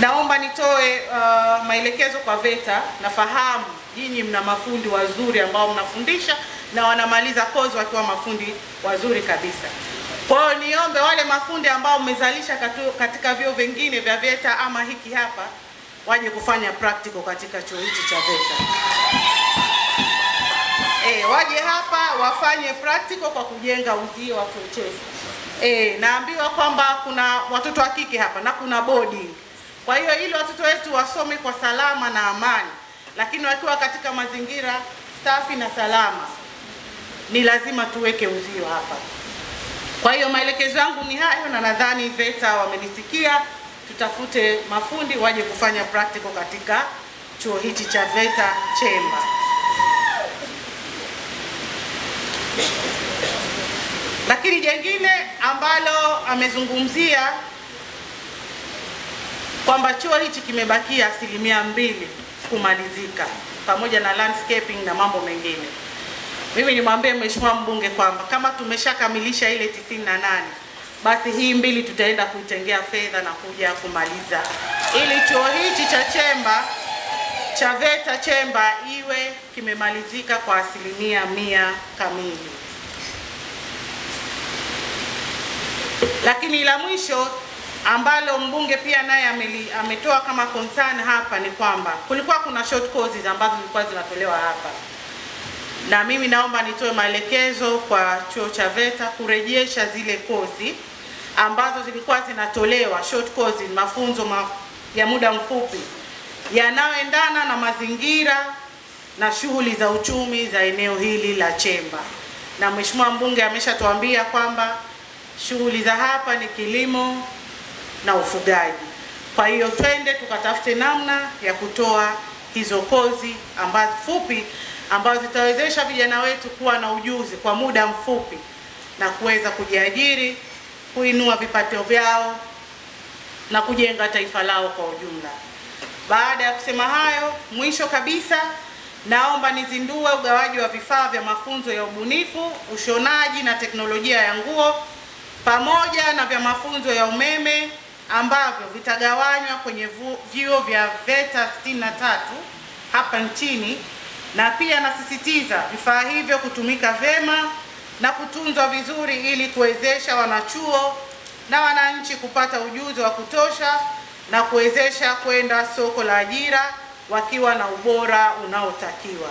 Naomba nitoe uh, maelekezo kwa VETA. Nafahamu nyinyi mna mafundi wazuri ambao mnafundisha na wanamaliza kozi wakiwa mafundi wazuri kabisa. Kwa hiyo niombe wale mafundi ambao mmezalisha katika vyuo vingine vya VETA ama hiki hapa waje kufanya practical katika chuo hichi cha VETA. E, waje hapa wafanye practical kwa kujenga uzio wa kiuchezi. E, eh, naambiwa kwamba kuna watoto wa kike hapa na kuna boarding. Kwa hiyo ili watoto wetu wasome kwa salama na amani, lakini wakiwa katika mazingira safi na salama, ni lazima tuweke uzio hapa. Kwa hiyo maelekezo yangu ni hayo, na nadhani VETA wamenisikia. Tutafute mafundi waje kufanya practical katika chuo hichi cha VETA Chemba. Lakini jengine ambalo amezungumzia kwamba chuo hichi kimebakia asilimia mbili kumalizika pamoja na landscaping na mambo mengine. Mimi nimwambie mheshimiwa mbunge kwamba kama tumeshakamilisha ile 98 basi hii mbili tutaenda kuitengea fedha na kuja kumaliza ili chuo hichi cha Chemba cha VETA Chemba iwe kimemalizika kwa asilimia mia kamili. Lakini la mwisho ambalo mbunge pia naye ametoa kama concern hapa ni kwamba kulikuwa kuna short courses ambazo zilikuwa zinatolewa hapa, na mimi naomba nitoe maelekezo kwa chuo cha VETA kurejesha zile kozi ambazo zilikuwa zinatolewa short courses, mafunzo ma, ya muda mfupi yanayoendana na mazingira na shughuli za uchumi za eneo hili la Chemba, na mheshimiwa mbunge ameshatuambia kwamba shughuli za hapa ni kilimo na ufugaji. Kwa hiyo twende tukatafute namna ya kutoa hizo kozi ambazo fupi ambazo zitawezesha vijana wetu kuwa na ujuzi kwa muda mfupi na kuweza kujiajiri, kuinua vipato vyao na kujenga taifa lao kwa ujumla. Baada ya kusema hayo, mwisho kabisa, naomba nizindue ugawaji wa vifaa vya mafunzo ya ubunifu, ushonaji na teknolojia ya nguo pamoja na vya mafunzo ya umeme ambavyo vitagawanywa kwenye vyuo vya VETA 63 hapa nchini, na pia nasisitiza vifaa hivyo kutumika vyema na kutunzwa vizuri ili kuwezesha wanachuo na wananchi kupata ujuzi wa kutosha na kuwezesha kwenda soko la ajira wakiwa na ubora unaotakiwa.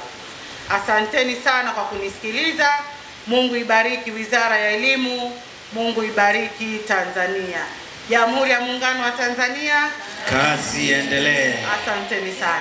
Asanteni sana kwa kunisikiliza. Mungu ibariki Wizara ya Elimu. Mungu ibariki Tanzania. Jamhuri ya Muungano wa Tanzania. Kazi iendelee. Asanteni sana.